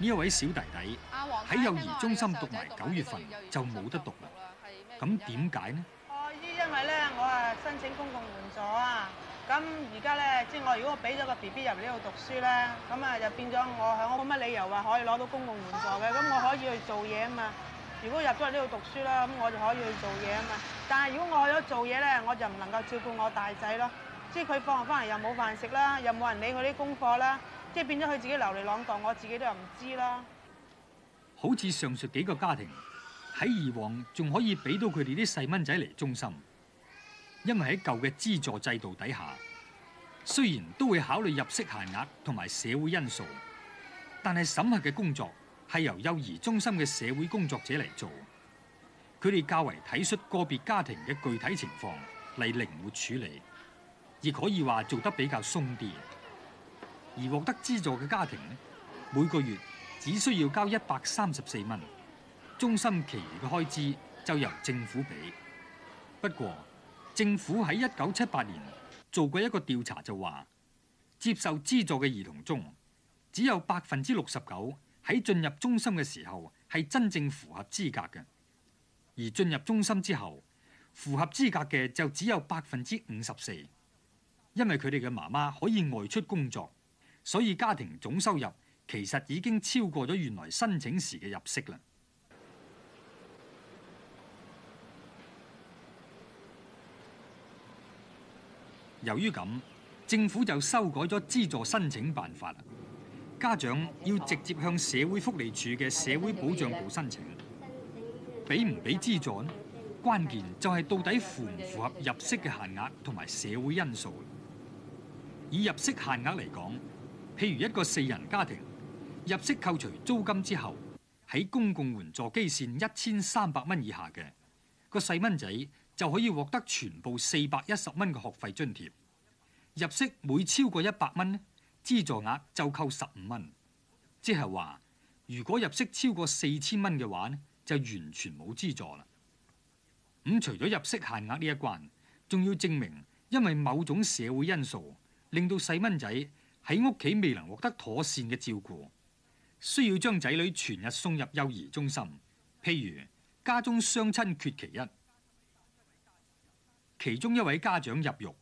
呢一位小弟弟喺幼兒中心讀埋九月份就冇得讀啦。咁點解呢？哦，因為咧，我啊申請公共援助啊。咁而家咧，即我如果我俾咗個 BB 入嚟呢度讀書咧，咁啊就變咗我我冇乜理由話可以攞到公共援助嘅。咁我可以去做嘢啊嘛。如果入咗嚟呢度讀書啦，咁我就可以去做嘢啊嘛。但係如果我去咗做嘢咧，我就唔能夠照顧我大仔咯。即佢放學翻嚟又冇飯食啦，又冇人理佢啲功課啦。即係變咗佢自己流離浪蕩，我自己都唔知啦。好似上述幾個家庭喺以往仲可以俾到佢哋啲細蚊仔嚟中心，因為喺舊嘅資助制度底下，雖然都會考慮入息限額同埋社會因素，但係審核嘅工作係由幼兒中心嘅社會工作者嚟做，佢哋較為體恤個別家庭嘅具體情況嚟靈活處理，亦可以話做得比較鬆啲。而獲得資助嘅家庭每個月只需要交一百三十四蚊，4, 中心其餘嘅開支就由政府俾。不過，政府喺一九七八年做過一個調查就，就話接受資助嘅兒童中，只有百分之六十九喺進入中心嘅時候係真正符合資格嘅，而進入中心之後符合資格嘅就只有百分之五十四，因為佢哋嘅媽媽可以外出工作。所以家庭總收入其實已經超過咗原來申請時嘅入息啦。由於咁，政府就修改咗資助申請辦法，家長要直接向社會福利署嘅社會保障部申請給給。俾唔俾資助呢？關鍵就係到底符唔符合入息嘅限額同埋社會因素。以入息限額嚟講。譬如一個四人家庭入息扣除租金之後喺公共援助基綫一千三百蚊以下嘅，個細蚊仔就可以獲得全部四百一十蚊嘅學費津貼。入息每超過一百蚊呢，資助額就扣十五蚊，即係話如果入息超過四千蚊嘅話呢，就完全冇資助啦。咁除咗入息限額呢一關，仲要證明因為某種社會因素令到細蚊仔。喺屋企未能獲得妥善嘅照顧，需要將仔女全日送入幼兒中心。譬如家中雙親缺其一，其中一位家長入獄，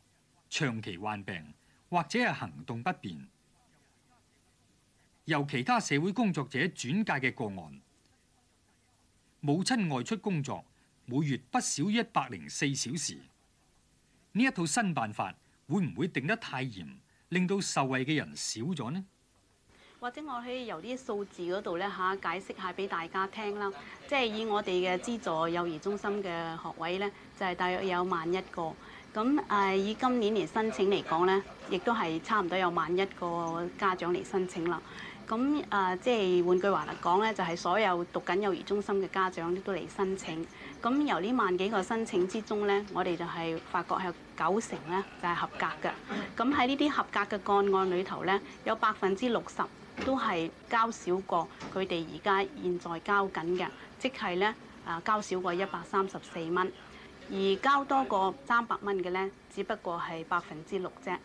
長期患病或者係行動不便，由其他社會工作者轉介嘅個案。母親外出工作，每月不少於一百零四小時。呢一套新辦法會唔會定得太嚴？令到受惠嘅人少咗呢？或者我可以由啲數字嗰度咧吓解釋下俾大家聽啦。即係以我哋嘅資助幼兒中心嘅學位咧，就係大約有萬一個，咁誒，以今年嚟申請嚟講咧，亦都係差唔多有萬一個家長嚟申請啦。咁、啊、即係換句話嚟講咧，就係所有讀緊幼兒中心嘅家長都嚟申請。咁由呢萬幾個申請之中咧，我哋就係發覺係有九成咧就係合格嘅。咁喺呢啲合格嘅個案裏頭咧，有百分之六十都係交少過佢哋而家現在交緊嘅，即係咧啊交少過一百三十四蚊，而交多過三百蚊嘅咧，只不過係百分之六啫。